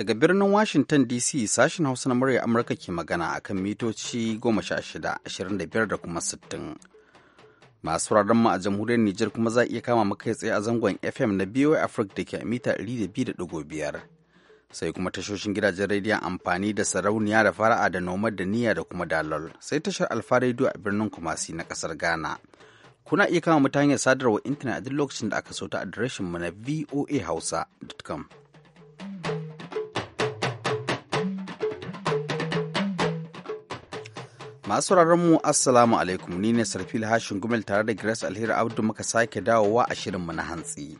Daga birnin Washington DC sashen Hausa na murya Amurka ke magana a kan mitoci 16-25 da kuma 60. Masu wuraren mu a jamhuriyar Nijar kuma za iya kama maka tsaye a zangon FM na BOA Africa da ke a mita 200.5. Sai kuma tashoshin gidajen rediyon amfani da sarauniya da fara'a da nomad da niyya da kuma dalol. Sai tashar Alfa Radio a birnin Kumasi na kasar Ghana. Kuna iya kama mutane hanyar sadarwa intanet a duk lokacin da aka so ta adireshin mu na voahausa.com. Masu mu Assalamu alaikum ni ne Sarfil Hashin Gumel tare da Grace Alheri Abdu muka sake dawowa a shirinmu na hantsi.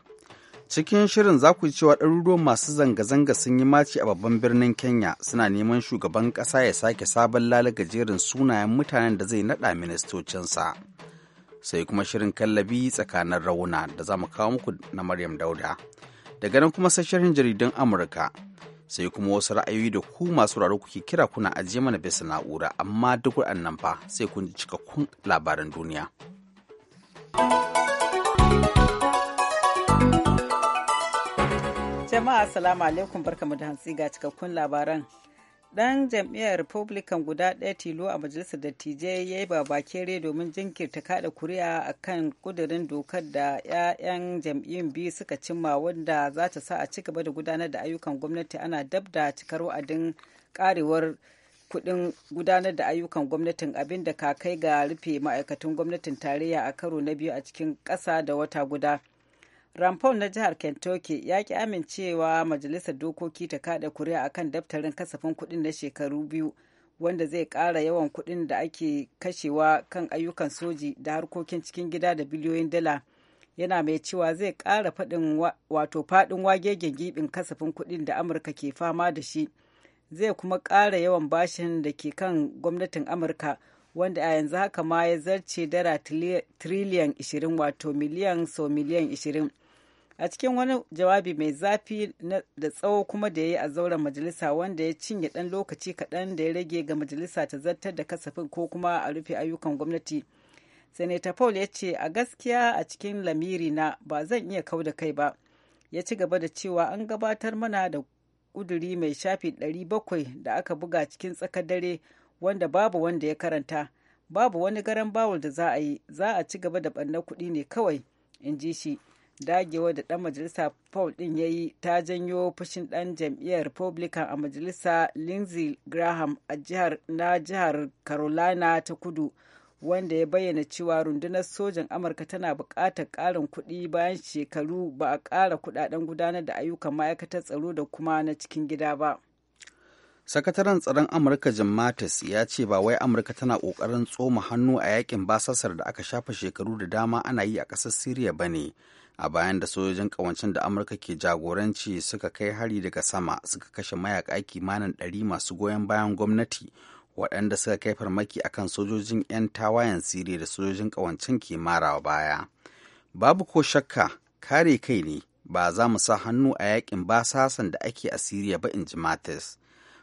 Cikin shirin za ku cewa ɗaruruwan masu zanga-zanga sun yi maci a babban birnin Kenya suna neman shugaban ƙasa ya sake sabon lala gajerin sunayen mutanen da zai naɗa ministocinsa. Sai kuma shirin kallabi tsakanin rauna da za mu kawo muku na Maryam Dauda. Daga nan kuma sai jaridun Amurka sai kuma wasu ra'ayoyi da ku masu raro kuke kira kuna ajiye mana bisa na'ura amma duk waɗannan fa sai kun ji cikakkun labaran duniya. Jama'a salamu alaikum barkamu da hantsi ga cikakkun labaran. dan jam'iyyar republican guda ɗaya tilo a majalisar dattijai ya yi babakere domin jinkirta kaɗa kuri'a a kan kudirin dokar da 'ya'yan jam'iyyun biyu suka cimma wanda za ta sa a ci gaba da gudanar da ayyukan gwamnati ana dab da cikar wa'adin karewar kudin gudanar da ayyukan gwamnatin abinda ka kai ga rufe ma'aikatan gwamnatin tarayya a karo na biyu a cikin ƙasa da wata guda Ramfon na jihar Kentucky ya ki amincewa majalisar dokoki ta kada kuri'a akan daftarin kasafin kuɗin na shekaru biyu wanda zai ƙara yawan kuɗin da ake kashewa kan ayyukan soji da harkokin cikin gida da biliyoyin dala yana mai cewa zai ƙara faɗin wato faɗin wagegen giɓin kasafin kuɗin da amurka ke fama da shi zai kuma ƙara yawan bashin da ke kan gwamnatin amurka wanda a yanzu haka ma ya zarce dara triliyan 20 wato miliyan sau miliyan 20 a cikin wani jawabi mai zafi da tsawo kuma da ya yi a zauren majalisa wanda ya cinye dan lokaci kaɗan da ya rage ga majalisa ta zartar da kasafin ko kuma a rufe ayyukan gwamnati senator paul ya ce a gaskiya a cikin lamiri na ba zan iya kau da kai ba ya ci gaba da cewa an gabatar mana da ƙuduri mai shafi 700 da aka buga cikin tsakar dare wanda babu wanda ya karanta babu wani garan bawul da za a yi za a ci gaba da ɓannar kuɗi ne kawai in ji shi dagewa da ɗan majalisa paul din ya yi ta janyo fushin ɗan jam'iyyar republican a majalisa lindsey graham a jihar na jihar carolina ta kudu wanda ya bayyana cewa rundunar sojan amurka tana buƙatar ƙarin kuɗi bayan shekaru ba a ƙara kuɗaɗen gudanar da ayyukan ma'aikatar tsaro da kuma na cikin gida ba sakataren tsaron amurka jim mattis ya ce ba wai amurka tana ƙoƙarin tsoma hannu a yakin basasar da aka shafa shekaru da dama ana yi a ƙasar siriya ba ne a bayan da sojojin kawancin da amurka ke jagoranci suka kai hari daga sama suka kashe mayaka kimanin ɗari masu goyon bayan gwamnati waɗanda suka kai farmaki akan sojojin 'yan tawayen siriya da sojojin kawancin ke marawa baya babu ko shakka kare kai ne ba za mu sa hannu a yakin basasan da ake a siriya ba in ji matis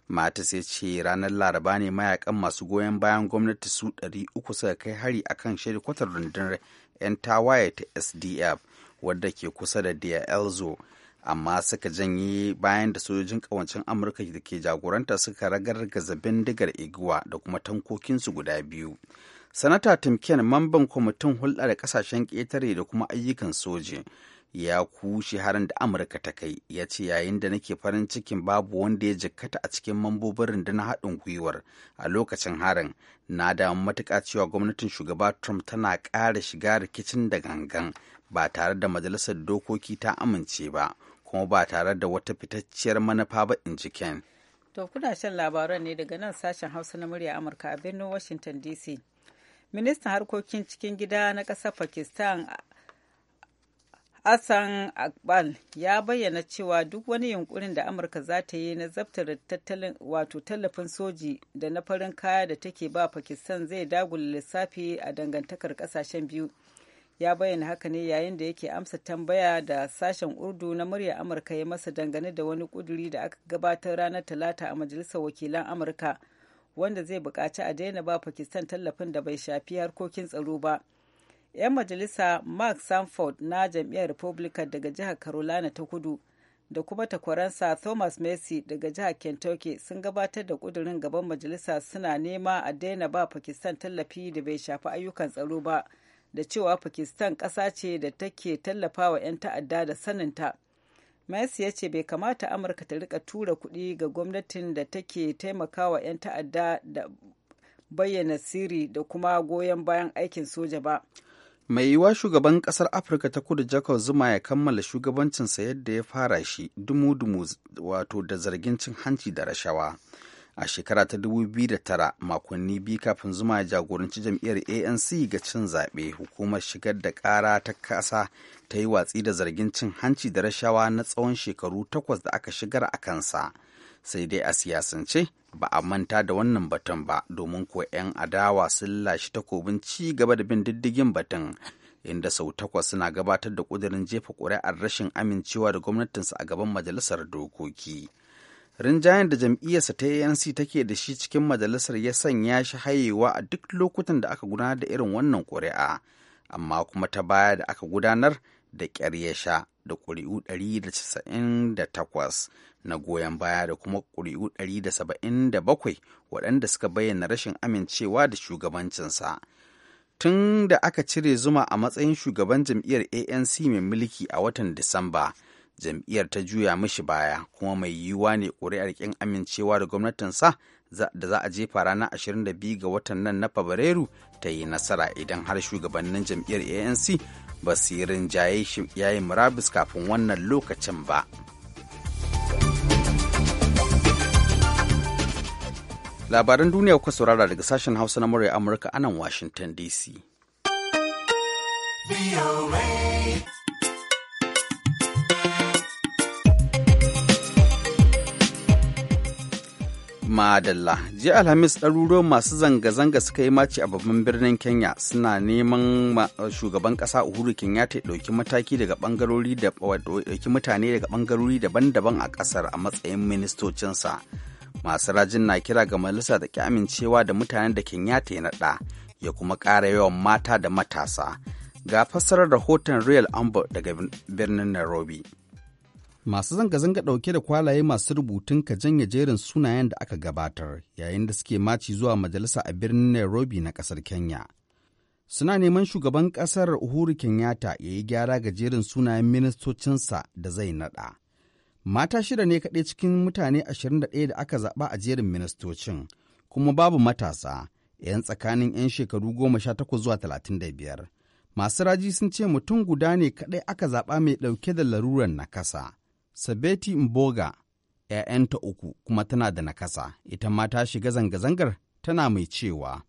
matis ya ce ranar laraba ne mayakan masu goyon bayan gwamnati su 300 suka kai hari akan kwatar rundunar 'yan tawaye ta sdf wadda ke kusa da Dia Elzo amma suka janye bayan da sojojin kawancin Amurka da ke jagoranta suka ragargaza bindigar iguwa da kuma tankokinsu guda biyu. Sanata Tim mamban kwamitin hulɗa da ƙasashen ƙetare da kuma ayyukan soji ya kushe harin da Amurka ta kai ya ce yayin da nake farin cikin babu wanda ya jikkata a cikin mambobin na haɗin gwiwar a lokacin harin na damu matuƙa cewa gwamnatin shugaba Trump tana ƙara shiga rikicin da gangan ba tare da majalisar dokoki ta amince ba kuma ba tare da wata fitacciyar manufa ba in ji ken to kuna shan labaran ne daga nan sashen hausa na murya amurka a birnin washington dc ministan harkokin cikin gida na ƙasar pakistan Hassan Akbal ya bayyana cewa duk wani yunkurin da Amurka za ta yi na zabtar tattalin wato tallafin soji da na farin kaya da take ba Pakistan zai dagula lissafi a dangantakar kasashen biyu. ya bayyana haka ne yayin da yake amsa tambaya da sashen urdu na murya amurka ya masa dangane da wani kuduri da aka gabatar ranar talata a majalisar wakilan amurka wanda zai bukaci a daina ba pakistan tallafin da bai shafi harkokin tsaro ba 'yan majalisa mark sanford na jam'iyyar republican daga jihar carolina ta kudu da kuma takwaransa thomas messi daga jihar kentucky sun gabatar da kudurin gaban majalisa suna nema a daina ba pakistan tallafi da bai shafi ayyukan tsaro ba da cewa Pakistan ƙasa ce da take tallafawa 'yan ta'adda da saninta. Messi ya ce bai kamata Amurka ta rika tura kuɗi ga gwamnatin da take taimakawa 'yan ta'adda da bayyana sirri da kuma goyon bayan aikin soja ba. Mai yiwuwa shugaban ƙasar Afirka ta kudu Jacob Zuma ya kammala shugabancinsa yadda ya fara shi dumu-dumu wato da zargin cin hanci da rashawa. a shekara ta 2009 makonni biyu kafin zuma ya jagoranci jam'iyyar anc ga cin zaɓe hukumar shigar da ƙara ta ƙasa ta yi watsi da zargin cin hanci da rashawa na tsawon shekaru takwas da aka shigar a kansa sai dai a siyasance ba a manta da wannan batun ba domin ko 'yan adawa sun lashe takobin ci gaba da bin diddigin batun inda sau takwas suna gabatar da ƙudurin jefa ƙuri'ar rashin amincewa da gwamnatinsu a gaban majalisar dokoki. rinjayen da jam'iyyarsa ta anc take da shi cikin majalisar ya sanya shi hayewa a duk lokutan da aka gudanar da irin wannan ƙuri'a amma kuma ta baya da aka gudanar da ƙyar ya sha da ƙuri'u 198 na goyon baya da kuma ƙuri'u 177 waɗanda suka bayyana rashin amincewa da shugabancinsa. Tun da aka cire zuma a matsayin shugaban jam'iyyar ANC mai mulki a watan Disamba, jam'iyyar ta juya mishi baya kuma mai yiwuwa ne ƙuri'ar ƙin amincewa da gwamnatinsa da za a jefa ranar 22 ga watan nan na fabrairu ta yi nasara idan har shugabannin jam'iyyar anc ba su yi rinjaye yayin murabus kafin wannan lokacin ba labaran duniya kuka saurara daga sashen hausa na murya amurka anan washington dc Madalla. Jiya Alhamis ɗaruruwan masu zanga-zanga suka yi maci a babban birnin Kenya suna neman shugaban ƙasa Uhuru Kenyatta ya ɗauki mataki daga ɓangarori da ɗauki mutane daga ɓangarori daban-daban a ƙasar a matsayin ministocinsa. Masu rajin na kira ga majalisa da ki amincewa da mutanen da Kenyatta ya naɗa ya kuma ƙara yawan mata da matasa. Ga fassarar rahoton Real Amber daga birnin Nairobi. masu zanga-zanga ɗauke da kwalaye masu rubutun ka janye jerin sunayen da aka gabatar yayin da suke maci zuwa majalisa a birnin nairobi na ƙasar kenya suna neman shugaban ƙasar uhuru kenyatta ya yi gyara ga jerin sunayen ministocinsa da zai naɗa mata shida ne kaɗai cikin mutane 21 da aka zaɓa a jerin ministocin kuma babu matasa 'yan tsakanin 'yan shekaru goma sha 18 zuwa talatin da biyar. masu raji sun ce mutum guda ne kaɗai aka zaɓa mai ɗauke da na nakasa Sabeti Mboga ‘ya'yanta uku kuma tana da nakasa, ita ma ta shiga zanga-zangar tana mai cewa.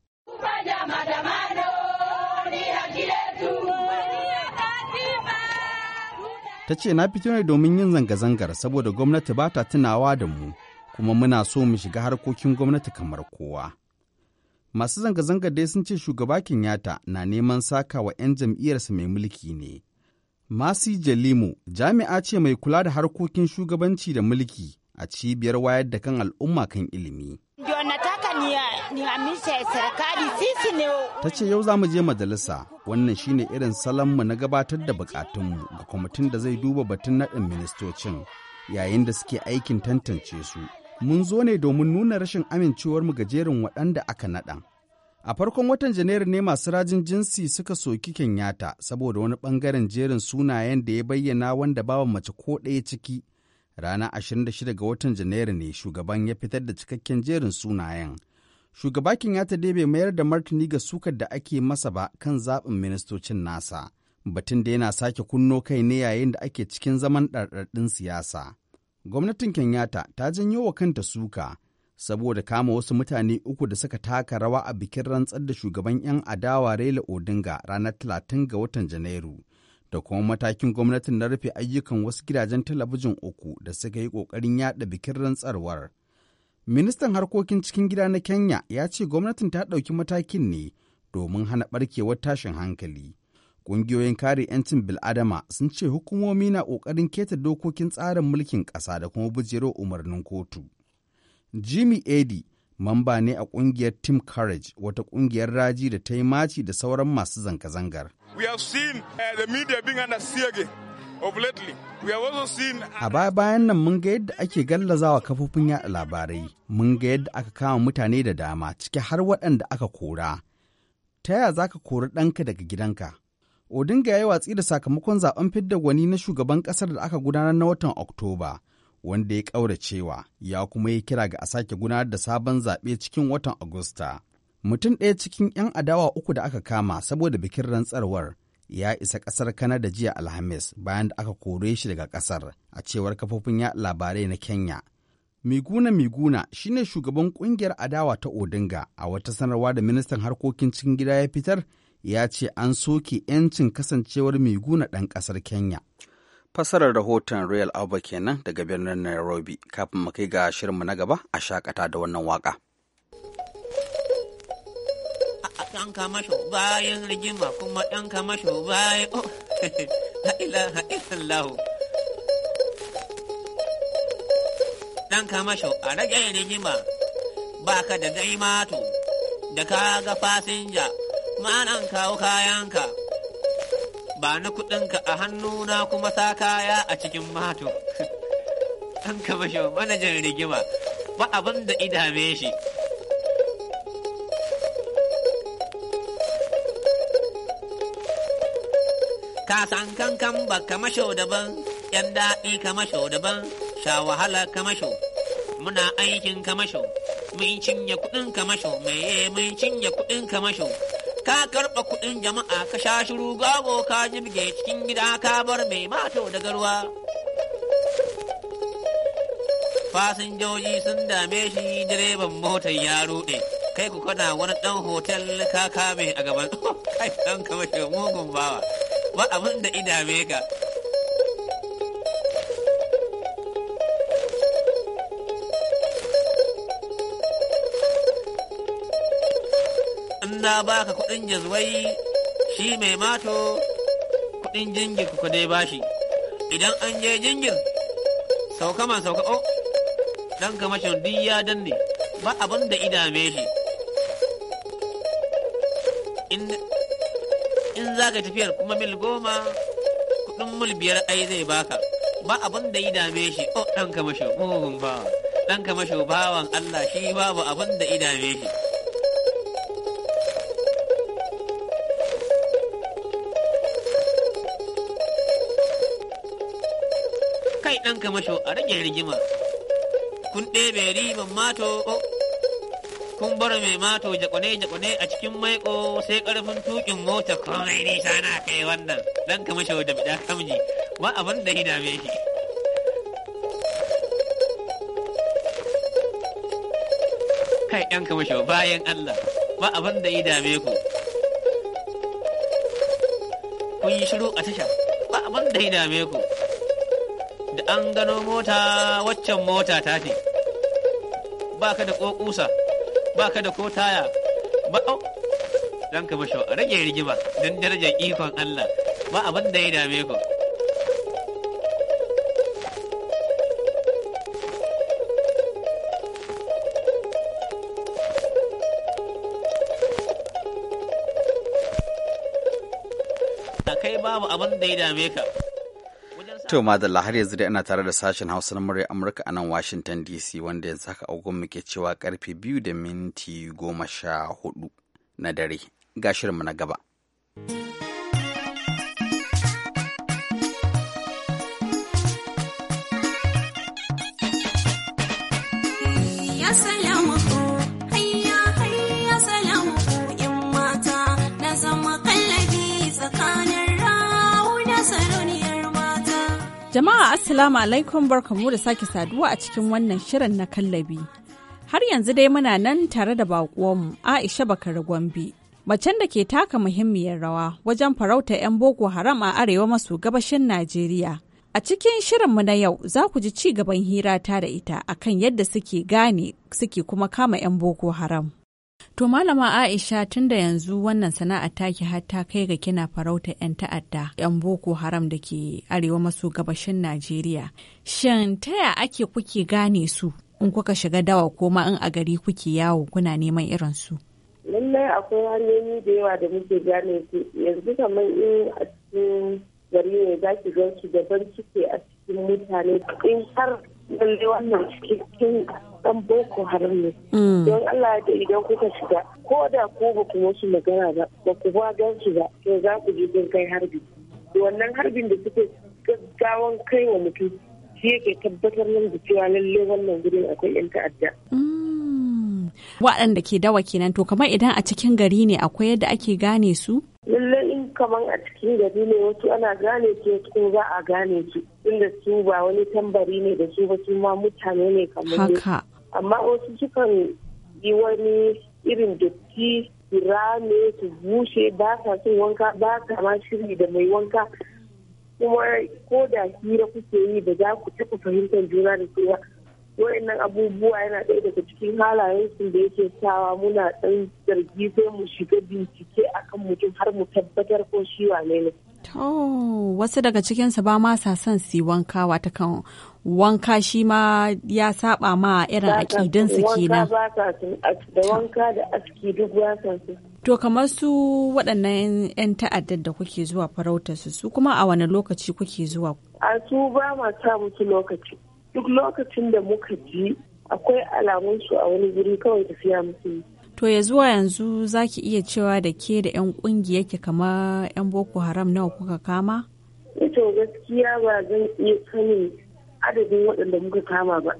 Ta ce na fito ne domin yin zanga-zangar saboda gwamnati ba ta tunawa da mu, kuma muna so mu shiga harkokin gwamnati kamar kowa. Masu zanga-zangar dai sun ce shugaba Kenyatta na neman saka wa 'yan jam'iyyarsa mai mulki ne. Masi Jalimu jami'a ce mai kula da harkokin shugabanci da mulki a cibiyar wayar da kan al'umma kan ilimi. Ta ce yau za mu je majalisa wannan shine irin salonmu na gabatar da bukatunmu ga kwamitin da zai duba batun naɗin ministocin yayin da suke aikin tantance su. Mun zo ne domin nuna rashin amincewar mu jerin waɗanda aka naɗa A farkon watan Janairu ne masu rajin jinsi suka soki Kenyatta saboda wani ɓangaren jerin sunayen da ya bayyana wanda babu mace ko ɗaya ciki. Ranar 26 ga watan Janairu ne shugaban ya fitar da cikakken jerin sunayen. Shugaba Kenyatta dai bai mayar da martani ga sukar da ake masa ba kan zaɓin ministocin nasa. Batun da yana sake kunno kai ne yayin da ake cikin zaman ɗarɗarɗin siyasa. Gwamnatin Kenyatta ta janyo wa kanta suka saboda kama wasu mutane uku da suka taka rawa a bikin rantsar da shugaban 'yan adawa Raila Odinga ranar 30 ga watan Janairu da kuma matakin gwamnatin na rufe ayyukan wasu gidajen talabijin uku da suka yi ƙoƙarin yaɗa bikin rantsarwar. Ministan harkokin cikin gida na Kenya ya ce gwamnatin ta ɗauki matakin ne domin hana ɓarkewar tashin hankali. Ƙungiyoyin kare 'yancin bil'adama sun ce hukumomi na ƙoƙarin keta dokokin tsarin mulkin ƙasa da kuma bujero umarnin kotu. Jimmy Eddy mamba ne a kungiyar Team Courage wata kungiyar raji da ta yi maci da sauran masu zanga-zangar. Eh, uh, a baya bayan nan mun ga yadda ake gallazawa kafofin yada labarai, mun ga yadda aka kama mutane da dama ciki har waɗanda aka kora. Ta yaya za ka kori ɗanka daga gidanka? Odinga ya yi watsi da sakamakon zaben fidda gwani na shugaban ƙasar da aka gudanar na watan Oktoba. wanda ya ƙauracewa ya kuma yi kira ga a sake gudanar da sabon zaɓe cikin watan Agusta. Mutum ɗaya cikin 'yan adawa uku da aka kama saboda bikin rantsarwar ya isa ƙasar Kanada jiya Alhamis bayan da aka kore shi daga ƙasar a cewar kafofin ya labarai na Kenya. Miguna Miguna shine shugaban ƙungiyar adawa ta Odinga a wata sanarwa da ministan harkokin cikin gida ya fitar ya ce an soke 'yancin kasancewar Miguna ɗan ƙasar Kenya. Fassarar rahoton Royal Alba kenan daga birnin Nairobi kafin mu kai ga shirinmu na gaba a shakata da wannan waka. ɗan kama bayan ɗan kama bayan eh, oh, a rage rigima ba ka da gaimatu da ka ga fasinja ma nan kawo kayanka. ba na kuɗinka a hannuna kuma sa kaya a cikin mato an kama shi manajan rigima ba abin da idame shi ka san kankan ba ka masho daban yan daɗi ka masho daban sha wahala ka masho. muna aikin ka masho. mun cinye kuɗin ka masho, mai mun cinye kuɗin ka masho. ka karɓa kuɗin jama'a ka sha shiru gago ka jibge cikin gida ka bar mai mato da garwa. Fasinjoji sun dame shi direban motar ya ruɗe, kai ku kana wani ɗan hotel ka kame a gaban kai ɗan kamashin mugun bawa, ba abin da idame ka. in na baka kuɗin jazwai shi mai mato kuɗin jingir kuka dai bashi idan an je jingir sauka man sauka o oh, ɗan kamashin duk ya danne ba abin da idame shi in za ka tafiyar kuma mil goma kuɗin mil biyar ai zai baka ba abin da idame shi o oh, ɗan kamashin mugun bawa ɗan kamashin bawan Allah shi babu abin da idame shi kai ɗan kamasho a rage rigima. Kun ɗebe riban mato, kun bar mai mato jakwane-jakwane a cikin maiko sai ƙarfin tukin mota komai nisa na kai wannan ɗan kamasho da bida kamji ba abin da ya dame shi. Kai ɗan kamasho bayan Allah ba abin da ya dame ku. Kun yi shiru a tasha ba abin da ya dame ku. da an gano mota waccan mota ta ce ba ka da ƙoƙusa ba ka da ko taya ba au don ka basho rage rigima don darajar ikon Allah ba abin da ya dame ku kai babu abin da ya dame ka To madalla har yanzu dai ana tare da sashen Hausa na murya Amurka a nan Washington DC wanda yanzu haka agon muke cewa karfe biyu da minti goma sha hudu na dare. Ga shirinmu na gaba. Ya salamu Jama'a Assalamu alaikum barkamu da sake saduwa a cikin wannan shirin na kallabi. Har yanzu dai muna nan tare da mu, Aisha Bakari Gombe. Macen da ke taka muhimmiyar rawa wajen farauta 'yan Boko Haram a arewa maso gabashin Najeriya. A cikin shirin mu na yau za ku ji ci gaban hira ta da ita akan yadda suke gane suke kuma kama 'yan Boko Haram. To Malama Aisha tun da yanzu wannan sana'a taki har hatta kai ga kina farauta 'yan ta'adda 'yan Boko Haram da ke arewa maso gabashin Najeriya. Shin ta ya ake kuke gane su in kuka shiga dawa ko ma in a gari kuke yawo kuna neman irin su? Lallai akwai hanyoyi da yawa da muke gane su yanzu kamar in a cikin gari ne za ki gan daban cike a cikin mutane in har lallai wannan cikin dan boko haram ne mm. don Allah ya idan kuka shiga ko da ko ba ku musu magana ba ba ku ba gan su ba to za ku ji sun kai harbi wannan harbin da suke gaggawan kai wa mutum shi yake tabbatar nan da cewa lalle wannan gurin akwai yan ta'adda mm. waɗanda ke dawa kenan to kamar idan a cikin gari ne akwai yadda ake gane su lallai in kaman a cikin gari ne wasu ana gane su ko za a gane su inda su ba wani tambari ne da su ba su ma mutane ne kamar ne amma wasu sukan yi wani irin dotti rame su bushe ba sa son wanka ba sa ma shiri da mai wanka kuma ko da hira kuke yi da za ku taɓa fahimtar juna da su wayannan abubuwa yana ɗaya daga cikin halayen su da yake sawa muna ɗan zargi sai mu shiga bincike akan mutum har mu tabbatar ko shi wane ne. To wasu daga cikinsu ba ma sa son su yi wanka wata kan wanka shi ma ya saba ma irin su kenan. Da wanka da aski duk ba sa To kamar su waɗannan 'yan ta'addar da kuke zuwa farautar su su kuma a wani lokaci kuke zuwa? A su ba ma sa musu lokaci. duk lokacin da muka ji akwai alamun su a wani guri kawai tafiya musu. to ya zuwa yanzu za ki iya cewa da ke da 'yan ƙungiyar yake kamar 'yan boko haram nawa kuka kama Ito eh gaskiya ba zan iya sani adadin waɗanda muka kama ba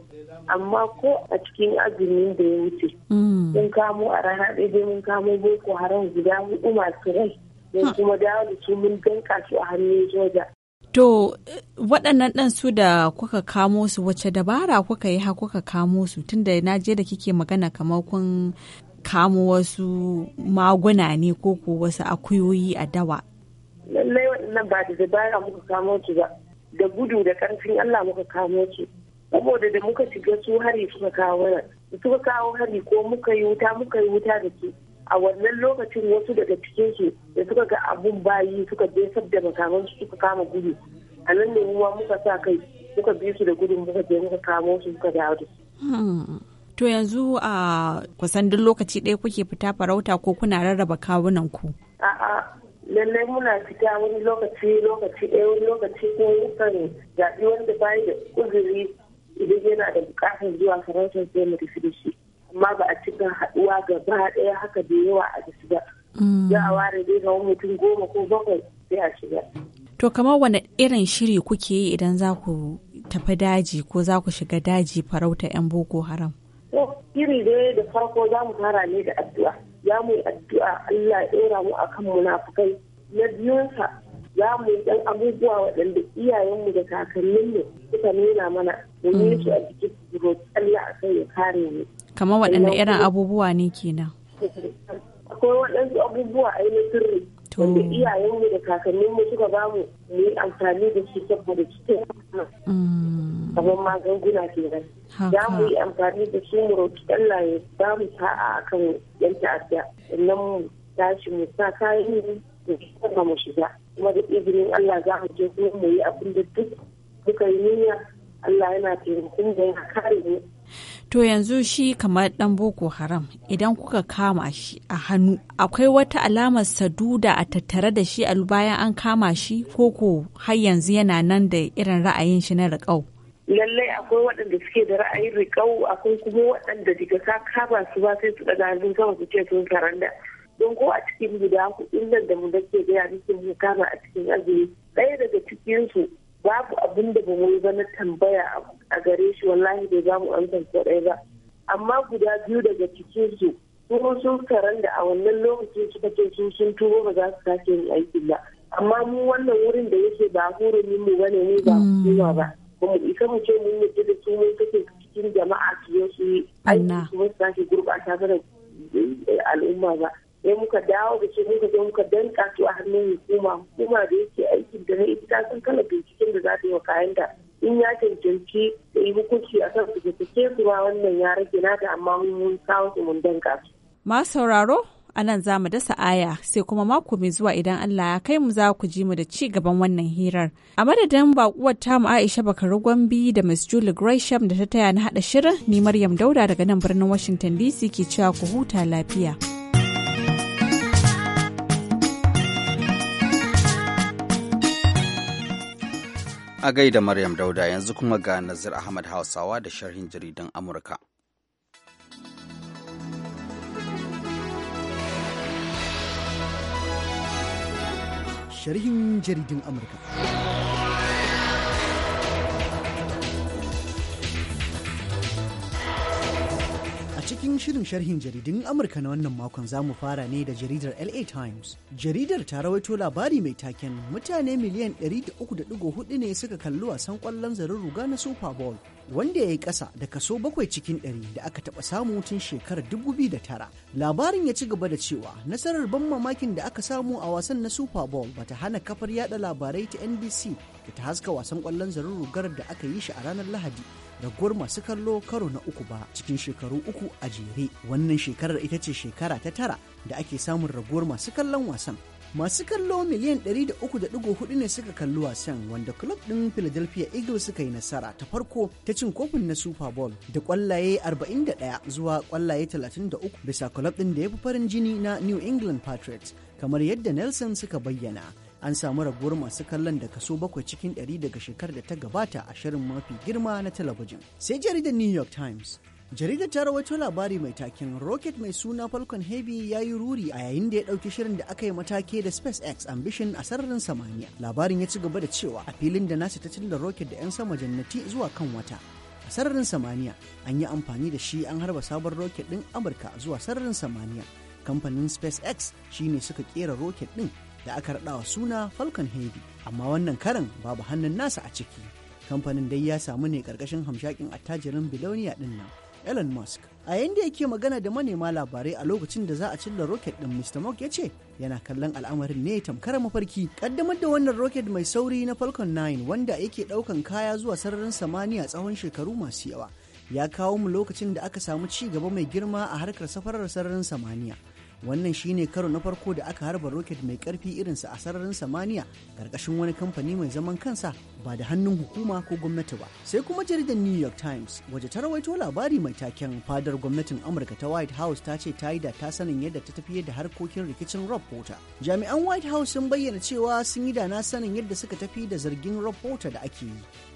amma ko a cikin azumin da ya wuce mm. mun kamo a rana ɗaya mun kamo boko haram guda hudu masu rai mun kuma dawo da su mun danka su a hannun soja To waɗannan ɗan su da kuka kamo su wacce dabara kuka yi ha kuka kamo su tunda na je da kike magana kamar kun kamo wasu maguna ne ko ko wasu akuyoyi a dawa. Lallai waɗannan ba da dabara muka kamo su ba da gudu da ƙarfin Allah muka kamo su. Saboda da muka shiga su hari suka kawo suka kawo hari ko muka yi wuta muka yi wuta da su. a wannan lokacin wasu daga cikin su da suka ga abun bayi suka je da makaman su suka kama gudu a nan ne ruwa muka sa kai muka bi su da gudun muka je muka kamo su muka dawo da su. Hmm. To yanzu a kusan duk lokaci ɗaya kuke fita farauta ko kuna rarraba kawunan ku? A'a lallai muna fita wani lokaci lokaci ɗaya wani lokaci ko kan zaɓi wanda bayi da kuzuri idan yana da buƙatar zuwa farautar sai mu tafi da shi. amma ba a cika haɗuwa gaba ɗaya haka da yawa a da shiga. Mm. Za a ware dai ga mutum goma ko bakwai sai a shiga. To kamar wani irin shiri kuke yi idan za ku tafi daji ko za ku shiga daji farauta 'yan Boko Haram? To iri dai da farko za mu fara ne da addu'a. Za mu yi addu'a Allah ya ɗora a kan munafukai. Na biyunsa za mu yi ɗan abubuwa waɗanda iyayenmu da kakanninmu suka nuna mana domin su a jikin mm. Allah a kai ya kare mu. kamar waɗanne irin abubuwa ne kenan akwai waɗansu abubuwa a yi sirri wanda mu da kakanninmu suka ba mu mu yi amfani da shi saboda cikin mm. kamar magunguna nan. za mu yi amfani da shi mu roƙi Allah ya ba mu sa'a akan yan ta'adda sannan mu tashi mu sa kayan mu kuma mu shiga kuma da izinin Allah za mu je kuma mu yi abin da duk muka yi niyya Allah yana taimakon da yana kare mu To yanzu shi kamar ɗan Boko Haram idan kuka kama shi a hannu akwai wata alamar saduda a tattare da shi a bayan an kama shi ko ko har yanzu yana nan da irin ra'ayin shi na riƙau. Lallai akwai waɗanda suke da ra'ayin riƙau akwai kuma waɗanda daga ka kama su ba sai su ɗaga hannun sama su ce sun karanda. Don ko a cikin guda kuɗin nan da mu dake gaya muke mu kama a cikin azumi ɗaya daga cikinsu babu abin da ba yi ba na tambaya a gare shi wallahi bai ba mu amsa ko ba amma guda biyu daga cikin su kuma sun karan da a wannan lokacin suka ce sun sun turo ba za su sake yin aikin ba amma mu wannan wurin da yake ba ni mu bane ne ba hukuma ba ba mu isa mu ce mun yi da su mun kake cikin jama'a su yi su yi aiki su sake gurɓata da eh, al'umma ba ya muka dawo da shi muka je muka danka su a hannun hukuma hukuma da yake aikin da na ita sun kala binciken da za ta yi wa kayan da in ya cancanci da yi hukunci a kan su ke su wannan ya rage na nata amma mun kawo su mun danka su. ma sauraro a nan za mu dasa aya sai kuma mako mai zuwa idan Allah ya kai mu za ku ji mu da ci gaban wannan hirar. A madadin bakuwar tamu Aisha Bakaru gombi da Miss Julie Gresham da ta taya na haɗa shirin ni Maryam Dauda daga nan birnin Washington DC ke cewa ku huta lafiya. A gaida Maryam Dauda yanzu kuma ga Nazir Ahmad Hausawa da sharhin jaridan Amurka. Sharhin jaridan Amurka. Cikin shirin sharhin jaridun Amurka na wannan makon za mu fara ne da jaridar LA Times. Jaridar ta rawaito labari mai taken mutane miliyan 300.4 ne suka kalli wasan kwallon zarin ruga na Super Bowl. Wanda ya yi ƙasa da kaso bakwai cikin ɗari da aka taɓa samu tun shekarar 2009. Labarin ya ci gaba da cewa nasarar ban mamakin da aka samu a wasan na Super Bowl bata hana kafar yada labarai ta NBC da ta haska wasan kwallon zarin rugar da aka yi shi a ranar Lahadi. raguwar masu kallo karo na uku ba cikin shekaru uku a jere wannan shekarar ita ce shekara ta tara da ake samun raguwar masu kallon wasan masu kallo miliyan 300.4 ne suka kalli wasan wanda club din philadelphia eagles suka yi nasara ta farko ta cin kofin na super bowl da kwallaye 41 zuwa kwallaye 33 bisa club din da ya fi farin jini na new england patriots kamar yadda nelson suka bayyana an samu raguwar masu kallon da kaso bakwai cikin ɗari daga shekarar da ta gabata a shirin mafi girma na talabijin sai jaridar new york times jaridar ta rawaito labari mai taken rocket mai suna falcon heavy ya yi ruri a yayin da ya ɗauki shirin da aka yi matake da spacex ambition a sararin samaniya labarin ya ci gaba da cewa a filin da nasa ta cilla rocket da 'yan sama jannati zuwa kan wata a sararin samaniya an yi amfani da shi an harba sabon rocket ɗin amurka zuwa sararin samaniya kamfanin spacex shine suka kera rocket ɗin da aka raɗawa suna Falcon Heavy, amma wannan karan babu hannun nasa a ciki. Kamfanin dai ya samu ne ƙarƙashin hamshakin attajirin Biloniya ɗin nan, Elon Musk. A yayin da yake magana da manema labarai a lokacin da za a cilla roket ɗin Mr. Musk ya ce yana kallon al'amarin ne tamkar mafarki. Kaddamar da wannan roket mai sauri na Falcon 9 wanda yake ɗaukan kaya zuwa sararin samaniya tsawon shekaru masu yawa. Ya kawo mu lokacin da aka samu ci gaba mai girma a harkar safarar sararin samaniya. wannan shine karo na farko da aka harba roket mai karfi irinsa a sararin samaniya karkashin wani kamfani mai zaman kansa ba da hannun hukuma ko gwamnati ba sai kuma jaridar new york times waje ta rawaito labari mai taken fadar gwamnatin amurka ta white house ta ce ta yi da ta sanin yadda ta tafiye da harkokin rikicin rob porter jami'an white house sun bayyana cewa sun yi da na sanin yadda suka tafi da zargin rob porter da ake yi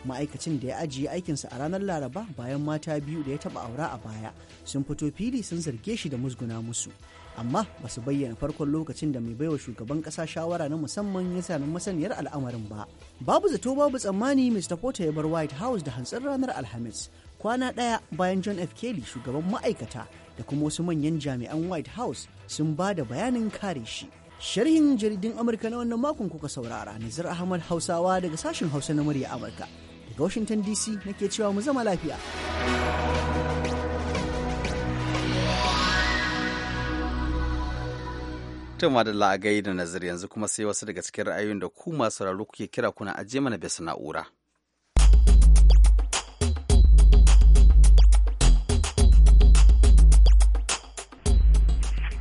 ma'aikacin da ya ajiye aikinsa a ranar laraba bayan mata biyu da ya taba aura a baya sun fito fili sun zarge shi da musguna musu amma ba su bayyana farkon lokacin da mai baiwa shugaban kasa shawara na musamman ya sami masaniyar al'amarin ba babu zato babu tsammani mr porter ya bar white house da hantsin ranar alhamis kwana ɗaya bayan john f kelly shugaban ma'aikata da kuma wasu manyan jami'an white house sun ba da bayanin kare shi sharhin jaridun amurka na wannan makon kuka saurara nazar ahmad hausawa daga sashen hausa na murya amurka daga washington dc nake cewa mu zama lafiya to madalla a gai da nazar yanzu kuma sai wasu daga cikin ra'ayoyin da ku masu sauraro kuke kira kuna ajiye mana bisa na'ura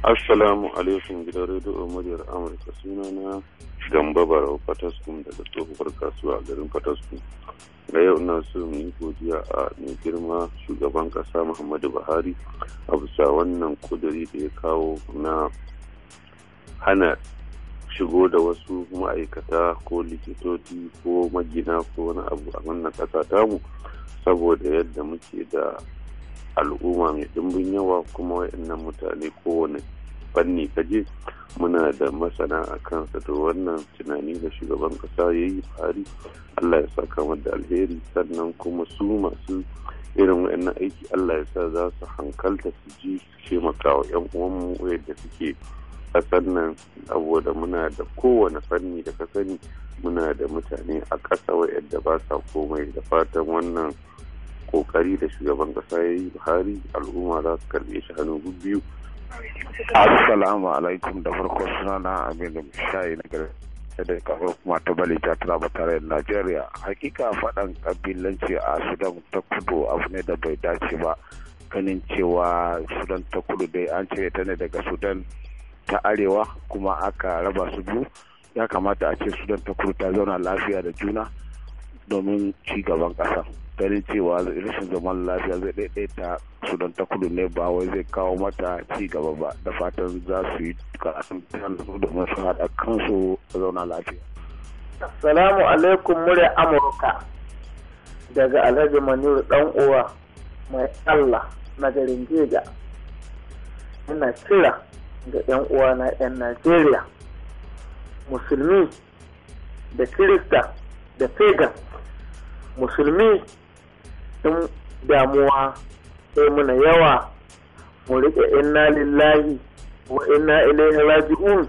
Assalamu alaikum gidan rediyo muryar Amurka sunana Gamba Barau Fataskum daga tsohuwar kasuwa a garin Fataskum. Na yau na so yi godiya a mai girma shugaban kasa Muhammadu Buhari a bisa wannan kuduri da ya kawo na hana shigo da wasu ma'aikata ko likitoci ko magina ko wani abu a wannan ƙasa tamu saboda yadda muke da al'umma mai ɗimbin yawa kuma wa'annan mutane kowane fanni ka je muna da masana a kansa to wannan tunani da shugaban ƙasa ya yi fari allah ya sa kamar da alheri sannan kuma su masu irin wa'annan aiki allah ya sa za su hankalta su ji su taimaka wa 'yan uwanmu yadda suke ƙasar nan saboda muna da kowane fanni da ka sani muna da mutane a ƙasa wa'yanda ba sa komai da fatan wannan kokari da shugaban ƙasa ya yi buhari al'umma za su karbe shi hannu biyu assalamu alaikum da farko suna na aminu shayi na gari da kawo kuma ta bali ta ba tare da najeriya hakika faɗan ƙabilanci a sudan ta kudu abu ne da bai dace ba ganin cewa sudan ta kudu dai an cire ta ne daga sudan ta arewa kuma aka raba su biyu ya kamata a ce sudan ta kurta ta zauna lafiya da juna domin ci gaban ƙasa ganin cewa rashin zaman lafiya zai ɗaiɗai ta sudan ta kudu ne ba wai zai kawo mata ci gaba ba da fatan za su yi karatun domin su haɗa kansu zauna lafiya. Assalamu alaikum murya Amurka daga Alhaji Manir dan uwa mai Allah na garin jeja Ina kira ga 'yan na 'yan najeriya musulmi da kirista da pagan musulmi sun damuwa sai muna yawa mu riƙe inna lillahi wa inna ilaihi raji'un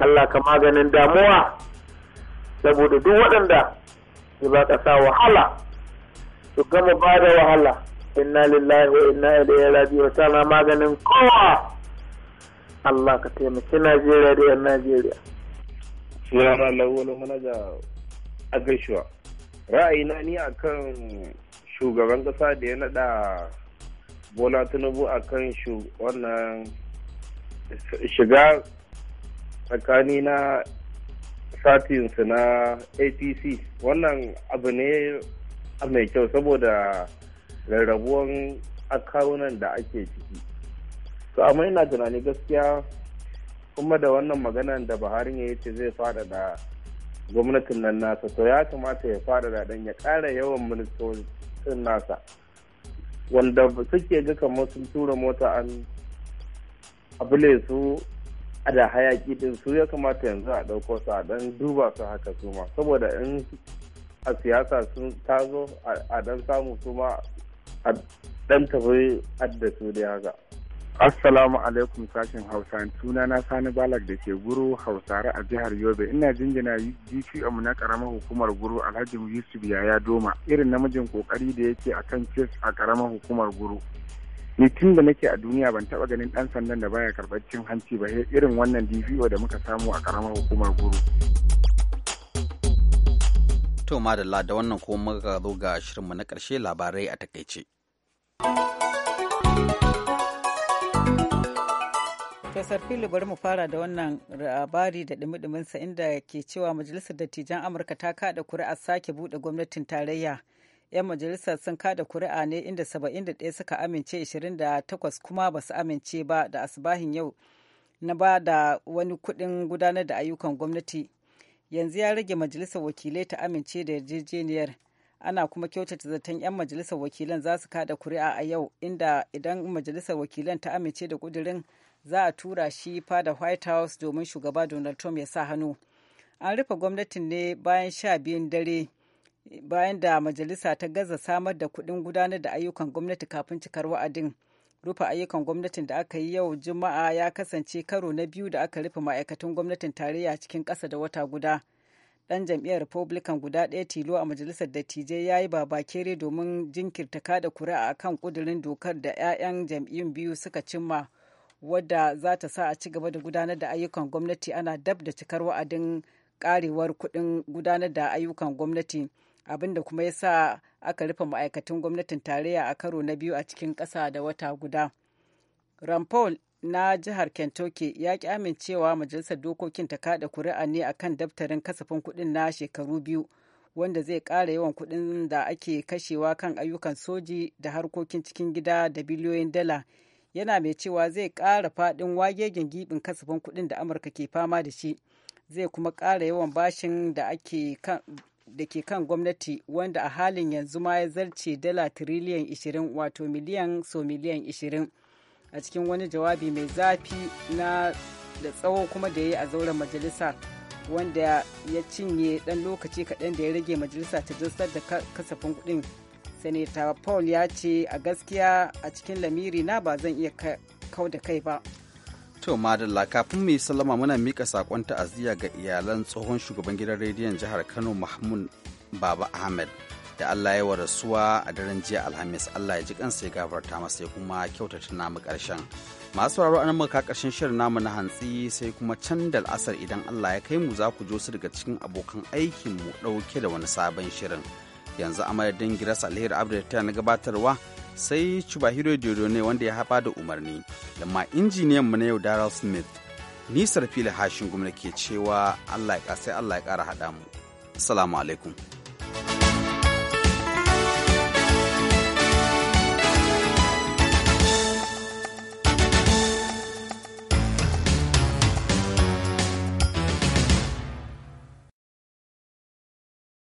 Allah ka maganin damuwa saboda duk waɗanda ya ba ƙasa wahala su gama bada wahala inna lillahi wa inna ilaihi raji'un tana maganin kowa Allah ka taimaki Najeriya da yan Najeriya. Sunana Lawolo Manaja Agashuwa. Ra'ayina ni a kan shugaban kasa da ya naɗa Bola Tinubu kan wannan shiga tsakani na satinsu na APC. Wannan abu ne mai kyau saboda rarrabuwan akawunan da ake ciki. to amma ina tunani gaskiya kuma da wannan maganan da buhari ya ce zai faɗaɗa gwamnatin nan nasa to ya kamata ya faɗaɗa ɗan ya ƙara yawan ministocin nasa wanda suke ga kamar sun tura mota an abule su da hayaki din su ya kamata yanzu a ɗauko su a ɗan duba su haka su ma saboda in a siyasa sun tazo a ɗan samu su ma a ɗan tafi haddasu da dai haka. Assalamu alaikum sashen Hausa tuna na Sani Balak da ke guru Hausare a jihar Yobe ina jingina DPM na karamar hukumar guru Alhaji Yusuf Yaya Doma irin namijin kokari da yake kan kes a karamar hukumar guru ni tun da nake a duniya ban taba ganin ɗan sandan da baya karɓar cin hanci ba irin wannan DPO da muka samu a karamar hukumar guru to madalla da wannan kuma muka zo ga shirinmu na karshe labarai a takaice Profesor filu bari mu fara da wannan labari da dimidiminsa inda ke cewa Majalisar Dattijan Amurka ta kada kuri'a sake buɗe gwamnatin tarayya. 'Yan majalisar sun kada kuri'a ne inda 71 suka amince 28 kuma ba su amince ba da asibahin yau na ba da wani kuɗin gudanar da ayyukan gwamnati. Yanzu ya rage majalisar wakilai ta amince da yarjejeniyar. ana kuma kyautata zaton 'yan majalisar wakilan za su kada kuri'a a yau inda idan majalisar wakilan ta amince da kudirin za a tura shi fada white house domin shugaba donald trump ya sa hannu an rufe gwamnatin ne bayan sha biyun dare bayan da majalisa ta gaza samar da kuɗin gudanar da ayyukan gwamnati kafin cikar wa'adin rufe ayyukan gwamnatin da aka yi yau juma'a ya kasance karo na biyu da aka rufe ma'aikatan gwamnatin tarayya cikin ƙasa da wata guda ɗan jam'iyyar republican guda ɗaya tilo a majalisar dattijai ya yi babakere domin jinkirta kada kuri'a kan ƙudurin dokar da 'ya'yan jam'iyyun biyu suka cimma wadda za ta sa a ci gaba da gudanar da ayyukan gwamnati ana dab da cikar wa'adin karewar kuɗin gudanar da ayyukan gwamnati abinda kuma ya sa aka rufe ma'aikatan gwamnatin tarayya a karo na biyu a cikin ƙasa da wata guda. Rampol na jihar Kentucky ya ki amincewa majalisar dokokin ta kada kuri'a ne a kan daftarin kasafin kuɗin na shekaru biyu wanda zai ƙara yawan kuɗin da ake kashewa kan ayyukan soji da harkokin cikin gida da biliyoyin dala yana mai cewa zai ƙara faɗin wagegen giɓin kasafin kuɗin da amurka ke fama da shi zai kuma ƙara yawan bashin da ake da ke kan gwamnati wanda a halin yanzu ma ya zarce dala tiriliyan 20 wato miliyan so miliyan 20 a cikin wani jawabi mai zafi na da tsawo kuma da ya yi a zauren majalisa wanda ya cinye dan lokaci kaɗan da ya rage majalisa ta jinsar da kasafin kuɗin seneta Paul ya ce a gaskiya a cikin lamiri na ba zan iya kau da kai ba. To Madalla kafin mu yi sallama muna mika sakon ta'aziyya ga iyalan tsohon shugaban gidan rediyon jihar Kano Mahmud Baba Ahmed da Allah ya warasuwa a daren jiya Alhamis Allah ya ji kansa ya gafarta masa ya kuma kyautata namu karshen. Masu sauraro anan muka karshen shirin namu na hantsi sai kuma can da asar idan Allah ya kai mu za ku jo su daga cikin abokan aikin mu dauke da wani sabon shirin. yanzu a madadin giras alheri abdu ta na gabatarwa sai chubahiro dodo ne wanda ya haɓa da umarni lamma injiniyan mu na yau daryl smith nisar fili hashin gwamna ke cewa allah ya kasai allah ya kara haɗa mu assalamu alaikum